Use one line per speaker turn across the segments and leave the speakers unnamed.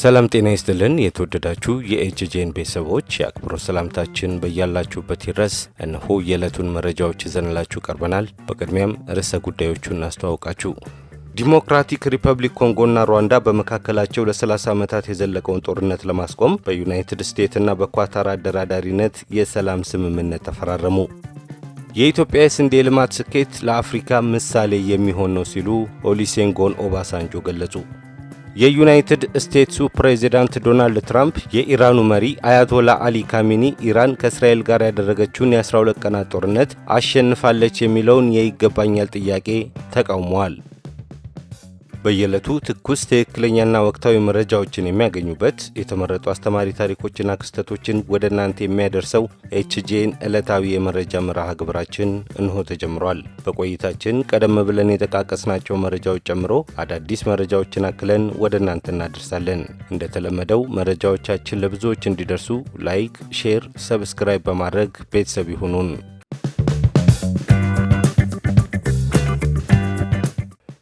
ሰላም ጤና ይስጥልን። የተወደዳችሁ የኤችጄን ቤተሰቦች የአክብሮ ሰላምታችን በያላችሁበት ይድረስ። እነሆ የዕለቱን መረጃዎች ይዘንላችሁ ቀርበናል። በቅድሚያም ርዕሰ ጉዳዮቹን እናስተዋውቃችሁ። ዲሞክራቲክ ሪፐብሊክ ኮንጎና ሩዋንዳ በመካከላቸው ለ30 ዓመታት የዘለቀውን ጦርነት ለማስቆም በዩናይትድ ስቴትስና በኳታር አደራዳሪነት የሰላም ስምምነት ተፈራረሙ። የኢትዮጵያ የስንዴ ልማት ስኬት ለአፍሪካ ምሳሌ የሚሆን ነው ሲሉ ኦሊሴንጎን ኦባሳንጆ ገለጹ። የዩናይትድ ስቴትሱ ፕሬዚዳንት ዶናልድ ትራምፕ የኢራኑ መሪ አያቶላ አሊ ካሚኒ ኢራን ከእስራኤል ጋር ያደረገችውን የ12 ቀናት ጦርነት አሸንፋለች የሚለውን የይገባኛል ጥያቄ ተቃውመዋል። በየዕለቱ ትኩስ ትክክለኛና ወቅታዊ መረጃዎችን የሚያገኙበት የተመረጡ አስተማሪ ታሪኮችና ክስተቶችን ወደ እናንተ የሚያደርሰው ኤችጄን ዕለታዊ የመረጃ መርሃ ግብራችን እንሆ ተጀምሯል። በቆይታችን ቀደም ብለን የጠቃቀስናቸው መረጃዎች ጨምሮ አዳዲስ መረጃዎችን አክለን ወደ እናንተ እናደርሳለን። እንደተለመደው መረጃዎቻችን ለብዙዎች እንዲደርሱ ላይክ፣ ሼር፣ ሰብስክራይብ በማድረግ ቤተሰብ ይሁኑን።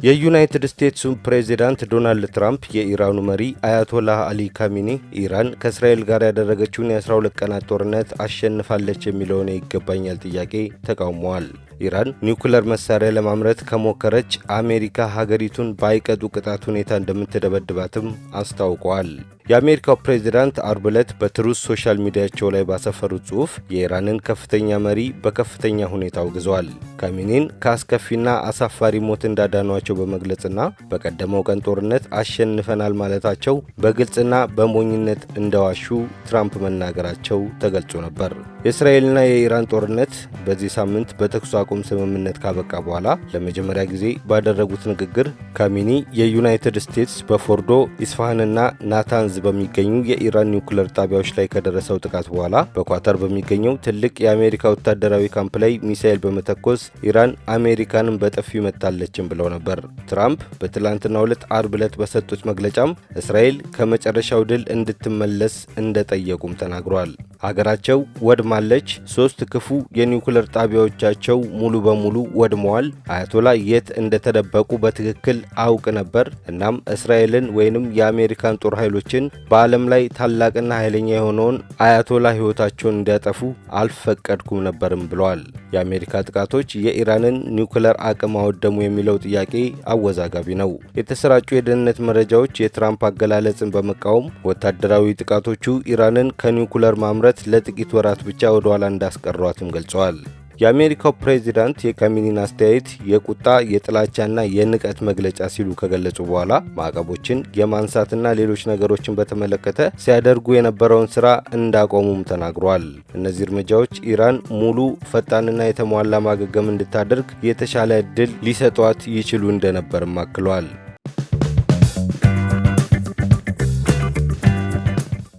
የዩናይትድ ስቴትሱ ፕሬዚዳንት ዶናልድ ትራምፕ የኢራኑ መሪ አያቶላህ አሊ ካሚኒ ኢራን ከእስራኤል ጋር ያደረገችውን የ12 ቀናት ጦርነት አሸንፋለች የሚለውን የይገባኛል ጥያቄ ተቃውመዋል። ኢራን ኒውክለር መሳሪያ ለማምረት ከሞከረች አሜሪካ ሀገሪቱን በአይቀጡ ቅጣት ሁኔታ እንደምትደበድባትም አስታውቀዋል። የአሜሪካው ፕሬዚዳንት አርብ ዕለት በትሩዝ ሶሻል ሚዲያቸው ላይ ባሰፈሩት ጽሑፍ የኢራንን ከፍተኛ መሪ በከፍተኛ ሁኔታ አውግዘዋል። ካሚኒን ከአስከፊና አሳፋሪ ሞት እንዳዳኗቸው በመግለጽና በቀደመው ቀን ጦርነት አሸንፈናል ማለታቸው በግልጽና በሞኝነት እንደዋሹ ትራምፕ መናገራቸው ተገልጾ ነበር። የእስራኤልና የኢራን ጦርነት በዚህ ሳምንት በተኩስ አቁም ስምምነት ካበቃ በኋላ ለመጀመሪያ ጊዜ ባደረጉት ንግግር ካሚኒ የዩናይትድ ስቴትስ በፎርዶ ኢስፋሃንና ናታን ። በሚገኙ የኢራን ኒውክለር ጣቢያዎች ላይ ከደረሰው ጥቃት በኋላ በኳተር በሚገኘው ትልቅ የአሜሪካ ወታደራዊ ካምፕ ላይ ሚሳኤል በመተኮስ ኢራን አሜሪካንን በጥፊ መታለችን ብለው ነበር። ትራምፕ በትላንትናው ዕለት አርብ ዕለት በሰጡት መግለጫም እስራኤል ከመጨረሻው ድል እንድትመለስ እንደጠየቁም ተናግሯል። ሀገራቸው ወድማለች፣ ሶስት ክፉ የኒውክለር ጣቢያዎቻቸው ሙሉ በሙሉ ወድመዋል። አያቶላ የት እንደተደበቁ በትክክል አውቅ ነበር። እናም እስራኤልን ወይንም የአሜሪካን ጦር ኃይሎችን በዓለም ላይ ታላቅና ኃይለኛ የሆነውን አያቶላ ሕይወታቸውን እንዲያጠፉ አልፈቀድኩም ነበርም ብለዋል። የአሜሪካ ጥቃቶች የኢራንን ኒውክለር አቅም አወደሙ የሚለው ጥያቄ አወዛጋቢ ነው። የተሰራጩ የደህንነት መረጃዎች የትራምፕ አገላለጽን በመቃወም ወታደራዊ ጥቃቶቹ ኢራንን ከኒውክለር ማምረት ለጥቂት ወራት ብቻ ወደኋላ እንዳስቀሯትም ገልጸዋል። የአሜሪካው ፕሬዚዳንት የካሚኒን አስተያየት የቁጣ የጥላቻና የንቀት መግለጫ ሲሉ ከገለጹ በኋላ ማዕቀቦችን የማንሳትና ሌሎች ነገሮችን በተመለከተ ሲያደርጉ የነበረውን ስራ እንዳቆሙም ተናግሯል። እነዚህ እርምጃዎች ኢራን ሙሉ ፈጣንና የተሟላ ማገገም እንድታደርግ የተሻለ እድል ሊሰጧት ይችሉ እንደነበርም አክሏል።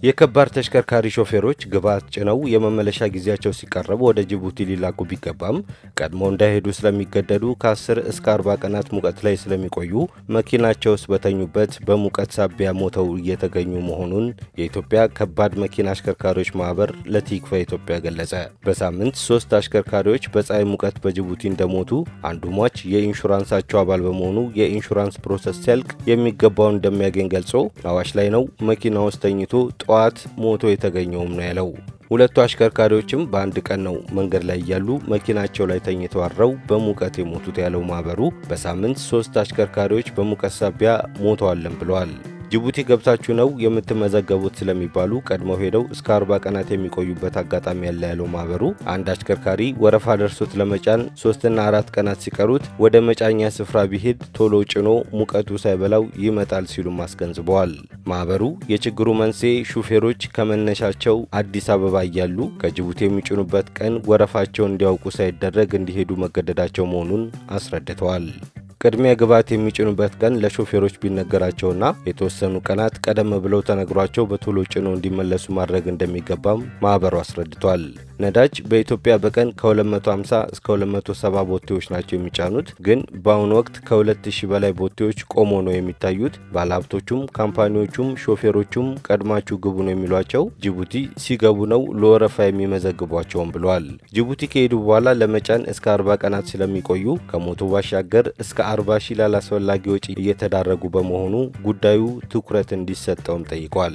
የከባድ ተሽከርካሪ ሾፌሮች ግብዓት ጭነው የመመለሻ ጊዜያቸው ሲቃረብ ወደ ጅቡቲ ሊላኩ ቢገባም ቀድሞ እንዳይሄዱ ስለሚገደዱ ከ10 እስከ 40 ቀናት ሙቀት ላይ ስለሚቆዩ መኪናቸው ውስጥ በተኙበት በሙቀት ሳቢያ ሞተው እየተገኙ መሆኑን የኢትዮጵያ ከባድ መኪና አሽከርካሪዎች ማህበር ለቲክፋ ኢትዮጵያ ገለጸ። በሳምንት ሶስት አሽከርካሪዎች በፀሐይ ሙቀት በጅቡቲ እንደሞቱ፣ አንዱ ሟች የኢንሹራንሳቸው አባል በመሆኑ የኢንሹራንስ ፕሮሰስ ሲያልቅ የሚገባውን እንደሚያገኝ ገልጾ አዋሽ ላይ ነው መኪና ውስጥ ተኝቶ ጠዋት ሞቶ የተገኘውም ነው ያለው። ሁለቱ አሽከርካሪዎችም በአንድ ቀን ነው መንገድ ላይ እያሉ መኪናቸው ላይ ተኝተው አድረው በሙቀት የሞቱት ያለው ማህበሩ በሳምንት ሶስት አሽከርካሪዎች በሙቀት ሳቢያ ሞተዋለን ብለዋል። ጅቡቲ ገብታችሁ ነው የምትመዘገቡት ስለሚባሉ ቀድመው ሄደው እስከ 40 ቀናት የሚቆዩበት አጋጣሚ ያለ ያለው ማህበሩ አንድ አሽከርካሪ ወረፋ ደርሶት ለመጫን ሶስትና አራት ቀናት ሲቀሩት ወደ መጫኛ ስፍራ ቢሄድ ቶሎ ጭኖ ሙቀቱ ሳይበላው ይመጣል ሲሉም አስገንዝበዋል። ማህበሩ የችግሩ መንስኤ ሹፌሮች ከመነሻቸው አዲስ አበባ እያሉ ከጅቡቲ የሚጭኑበት ቀን ወረፋቸውን እንዲያውቁ ሳይደረግ እንዲሄዱ መገደዳቸው መሆኑን አስረድተዋል። ቅድሚያ ግብዓት የሚጭኑበት ቀን ለሾፌሮች ቢነገራቸውና የተወሰኑ ቀናት ቀደም ብለው ተነግሯቸው በቶሎ ጭኖ እንዲመለሱ ማድረግ እንደሚገባም ማኅበሩ አስረድቷል። ነዳጅ በኢትዮጵያ በቀን ከ250 እስከ 270 ቦቴዎች ናቸው የሚጫኑት። ግን በአሁኑ ወቅት ከ2000 በላይ ቦቴዎች ቆሞ ነው የሚታዩት። ባለሀብቶቹም ካምፓኒዎቹም ሾፌሮቹም ቀድማችሁ ግቡ ነው የሚሏቸው። ጅቡቲ ሲገቡ ነው ለወረፋ የሚመዘግቧቸውም ብለዋል። ጅቡቲ ከሄዱ በኋላ ለመጫን እስከ 40 ቀናት ስለሚቆዩ ከሞቱ ባሻገር እስከ 40 ሺህ ላላስፈላጊ ወጪ እየተዳረጉ በመሆኑ ጉዳዩ ትኩረት እንዲሰጠውም ጠይቋል።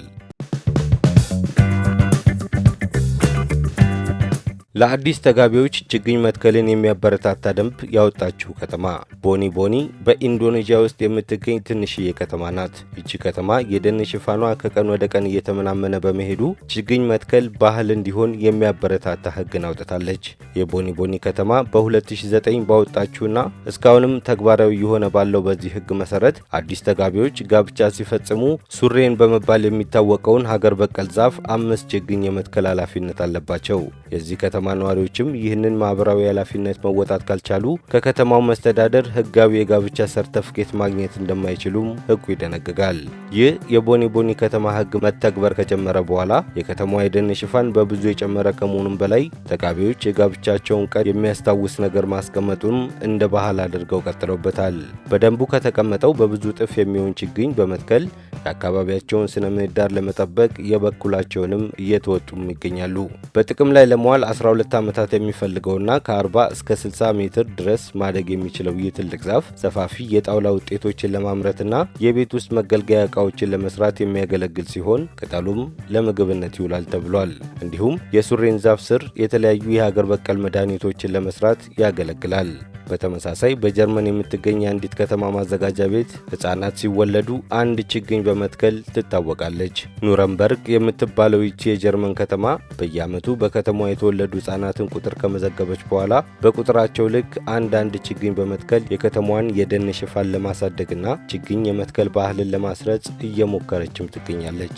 ለአዲስ ተጋቢዎች ችግኝ መትከልን የሚያበረታታ ደንብ ያወጣችው ከተማ ቦኒ ቦኒ በኢንዶኔዥያ ውስጥ የምትገኝ ትንሽዬ ከተማ ናት። ይቺ ከተማ የደን ሽፋኗ ከቀን ወደ ቀን እየተመናመነ በመሄዱ ችግኝ መትከል ባህል እንዲሆን የሚያበረታታ ሕግን አውጥታለች። የቦኒ ቦኒ ከተማ በ2009 ባወጣችውና እስካሁንም ተግባራዊ የሆነ ባለው በዚህ ሕግ መሰረት አዲስ ተጋቢዎች ጋብቻ ሲፈጽሙ ሱሬን በመባል የሚታወቀውን ሀገር በቀል ዛፍ አምስት ችግኝ የመትከል ኃላፊነት አለባቸው። የዚህ ከተማ ከተማ ነዋሪዎችም ይህንን ማህበራዊ ኃላፊነት መወጣት ካልቻሉ ከከተማው መስተዳደር ህጋዊ የጋብቻ ሰርተፍኬት ማግኘት እንደማይችሉም ህጉ ይደነግጋል። ይህ የቦኒ ቦኒ ከተማ ህግ መተግበር ከጀመረ በኋላ የከተማዋ የደን ሽፋን በብዙ የጨመረ ከመሆኑም በላይ ተጋቢዎች የጋብቻቸውን ቀን የሚያስታውስ ነገር ማስቀመጡን እንደ ባህል አድርገው ቀጥለውበታል። በደንቡ ከተቀመጠው በብዙ ጥፍ የሚሆን ችግኝ በመትከል የአካባቢያቸውን ስነ ምህዳር ለመጠበቅ የበኩላቸውንም እየተወጡም ይገኛሉ። በጥቅም ላይ ለመዋል 12 ዓመታት የሚፈልገውና ከ40 እስከ 60 ሜትር ድረስ ማደግ የሚችለው ይህ ትልቅ ዛፍ ሰፋፊ የጣውላ ውጤቶችን ለማምረትና የቤት ውስጥ መገልገያ እቃዎችን ለመስራት የሚያገለግል ሲሆን ቅጠሉም ለምግብነት ይውላል ተብሏል። እንዲሁም የሱሬን ዛፍ ስር የተለያዩ የሀገር በቀል መድኃኒቶችን ለመስራት ያገለግላል። በተመሳሳይ በጀርመን የምትገኝ አንዲት ከተማ ማዘጋጃ ቤት ሕፃናት ሲወለዱ አንድ ችግኝ በመትከል ትታወቃለች። ኑረምበርግ የምትባለው ይቺ የጀርመን ከተማ በየዓመቱ በከተማዋ የተወለዱ ሕፃናትን ቁጥር ከመዘገበች በኋላ በቁጥራቸው ልክ አንዳንድ ችግኝ በመትከል የከተማዋን የደን ሽፋን ለማሳደግና ችግኝ የመትከል ባህልን ለማስረጽ እየሞከረችም ትገኛለች።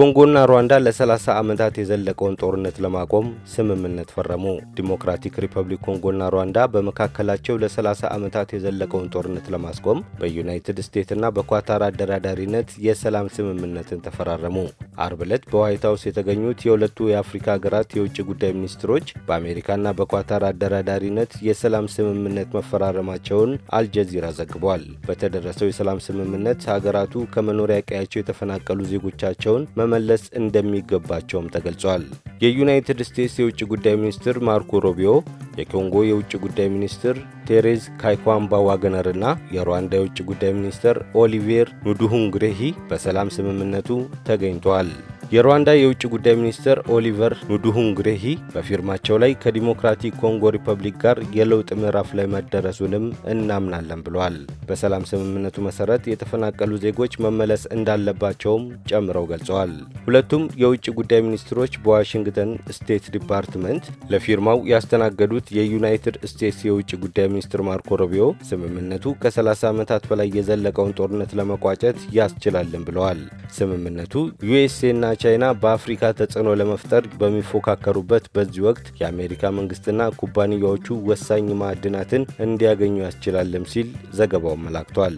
ኮንጎና ሩዋንዳ ለ30 ዓመታት የዘለቀውን ጦርነት ለማቆም ስምምነት ፈረሙ። ዲሞክራቲክ ሪፐብሊክ ኮንጎና ሩዋንዳ በመካከላቸው ለ30 ዓመታት የዘለቀውን ጦርነት ለማስቆም በዩናይትድ ስቴትስና በኳታር አደራዳሪነት የሰላም ስምምነትን ተፈራረሙ። አርብ ዕለት በዋይት ሀውስ የተገኙት የሁለቱ የአፍሪካ ሀገራት የውጭ ጉዳይ ሚኒስትሮች በአሜሪካና በኳታር አደራዳሪነት የሰላም ስምምነት መፈራረማቸውን አልጀዚራ ዘግቧል። በተደረሰው የሰላም ስምምነት ሀገራቱ ከመኖሪያ ቀያቸው የተፈናቀሉ ዜጎቻቸውን መመለስ እንደሚገባቸውም ተገልጿል። የዩናይትድ ስቴትስ የውጭ ጉዳይ ሚኒስትር ማርኮ ሮቢዮ፣ የኮንጎ የውጭ ጉዳይ ሚኒስትር ቴሬዝ ካይኳምባ ዋገነርና የሩዋንዳ የውጭ ጉዳይ ሚኒስትር ኦሊቬር ኑዱሁንግሬሂ በሰላም ስምምነቱ ተገኝተዋል። የሩዋንዳ የውጭ ጉዳይ ሚኒስትር ኦሊቨር ኑዱሁንግሬሂ በፊርማቸው ላይ ከዲሞክራቲክ ኮንጎ ሪፐብሊክ ጋር የለውጥ ምዕራፍ ላይ መደረሱንም እናምናለን ብለዋል። በሰላም ስምምነቱ መሰረት የተፈናቀሉ ዜጎች መመለስ እንዳለባቸውም ጨምረው ገልጸዋል። ሁለቱም የውጭ ጉዳይ ሚኒስትሮች በዋሽንግተን ስቴት ዲፓርትመንት ለፊርማው ያስተናገዱት የዩናይትድ ስቴትስ የውጭ ጉዳይ ሚኒስትር ማርኮ ሮቢዮ። ስምምነቱ ከ30 ዓመታት በላይ የዘለቀውን ጦርነት ለመቋጨት ያስችላልን ብለዋል። ስምምነቱ ዩኤስኤና ቻይና በአፍሪካ ተጽዕኖ ለመፍጠር በሚፎካከሩበት በዚህ ወቅት የአሜሪካ መንግስትና ኩባንያዎቹ ወሳኝ ማዕድናትን እንዲያገኙ ያስችላልም ሲል ዘገባው አመላክቷል።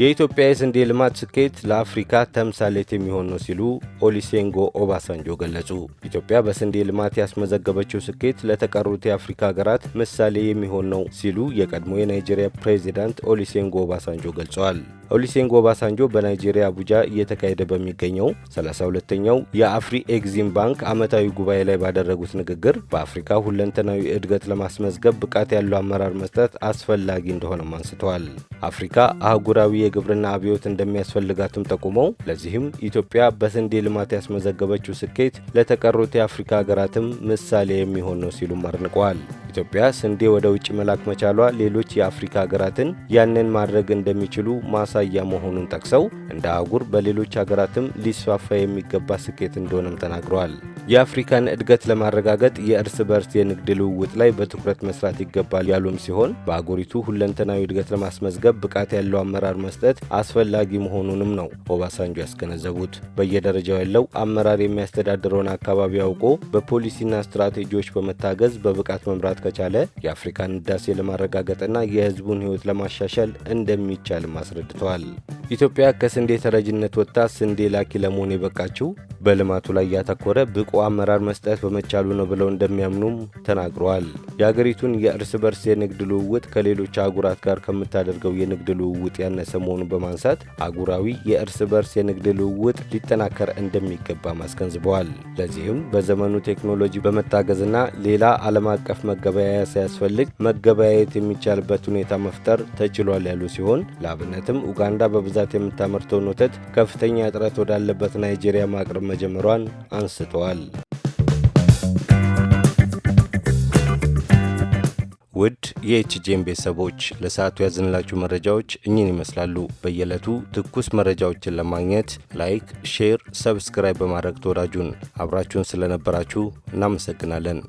የኢትዮጵያ የስንዴ ልማት ስኬት ለአፍሪካ ተምሳሌት የሚሆን ነው ሲሉ ኦሊሴንጎ ኦባሳንጆ ገለጹ። ኢትዮጵያ በስንዴ ልማት ያስመዘገበችው ስኬት ለተቀሩት የአፍሪካ ሀገራት ምሳሌ የሚሆን ነው ሲሉ የቀድሞ የናይጄሪያ ፕሬዚዳንት ኦሊሴንጎ ኦባሳንጆ ገልጸዋል። ኦሊሴንጎ ኦባሳንጆ በናይጄሪያ አቡጃ እየተካሄደ በሚገኘው 32ኛው የአፍሪ ኤግዚም ባንክ ዓመታዊ ጉባኤ ላይ ባደረጉት ንግግር በአፍሪካ ሁለንተናዊ እድገት ለማስመዝገብ ብቃት ያለው አመራር መስጠት አስፈላጊ እንደሆነም አንስተዋል። አፍሪካ አህጉራዊ የግብርና አብዮት እንደሚያስፈልጋትም ጠቁመው ለዚህም ኢትዮጵያ በስንዴ ልማት ያስመዘገበችው ስኬት ለተቀሩት የአፍሪካ ሀገራትም ምሳሌ የሚሆን ነው ሲሉም አድንቀዋል። ኢትዮጵያ ስንዴ ወደ ውጭ መላክ መቻሏ ሌሎች የአፍሪካ ሀገራትን ያንን ማድረግ እንደሚችሉ ማሳያ መሆኑን ጠቅሰው እንደ አህጉር በሌሎች ሀገራትም ሊስፋፋ የሚገባ ስኬት እንደሆነም ተናግረዋል። የአፍሪካን እድገት ለማረጋገጥ የእርስ በርስ የንግድ ልውውጥ ላይ በትኩረት መስራት ይገባል ያሉም ሲሆን በአህጉሪቱ ሁለንተናዊ እድገት ለማስመዝገብ ብቃት ያለው አመራር መስጠት አስፈላጊ መሆኑንም ነው ኦባሳንጆ ያስገነዘቡት። በየደረጃው ያለው አመራር የሚያስተዳድረውን አካባቢ አውቆ በፖሊሲና ስትራቴጂዎች በመታገዝ በብቃት መምራት ከቻለ የአፍሪካን ህዳሴ ለማረጋገጥና የህዝቡን ህይወት ለማሻሻል እንደሚቻልም አስረድተዋል። ኢትዮጵያ ከስንዴ ተረጅነት ወጥታ ስንዴ ላኪ ለመሆን የበቃችው በልማቱ ላይ ያተኮረ ብቁ አመራር መስጠት በመቻሉ ነው ብለው እንደሚያምኑም ተናግረዋል። የአገሪቱን የእርስ በርስ የንግድ ልውውጥ ከሌሎች አህጉራት ጋር ከምታደርገው የንግድ ልውውጥ ያነሰ መሆኑን በማንሳት አህጉራዊ የእርስ በርስ የንግድ ልውውጥ ሊጠናከር እንደሚገባም አስገንዝበዋል። ለዚህም በዘመኑ ቴክኖሎጂ በመታገዝና ሌላ ዓለም አቀፍ መገበያያ ሳያስፈልግ መገበያየት የሚቻልበት ሁኔታ መፍጠር ተችሏል ያሉ ሲሆን ለአብነትም ኡጋንዳ በብዛ በብዛት የምታመርተውን ወተት ከፍተኛ እጥረት ወዳለበት ናይጄሪያ ማቅረብ መጀመሯን አንስተዋል። ውድ የኤችጄን ቤተሰቦች ለሰዓቱ ያዝንላችሁ መረጃዎች እኚህን ይመስላሉ። በየዕለቱ ትኩስ መረጃዎችን ለማግኘት ላይክ፣ ሼር፣ ሰብስክራይብ በማድረግ ተወዳጁን አብራችሁን ስለነበራችሁ እናመሰግናለን።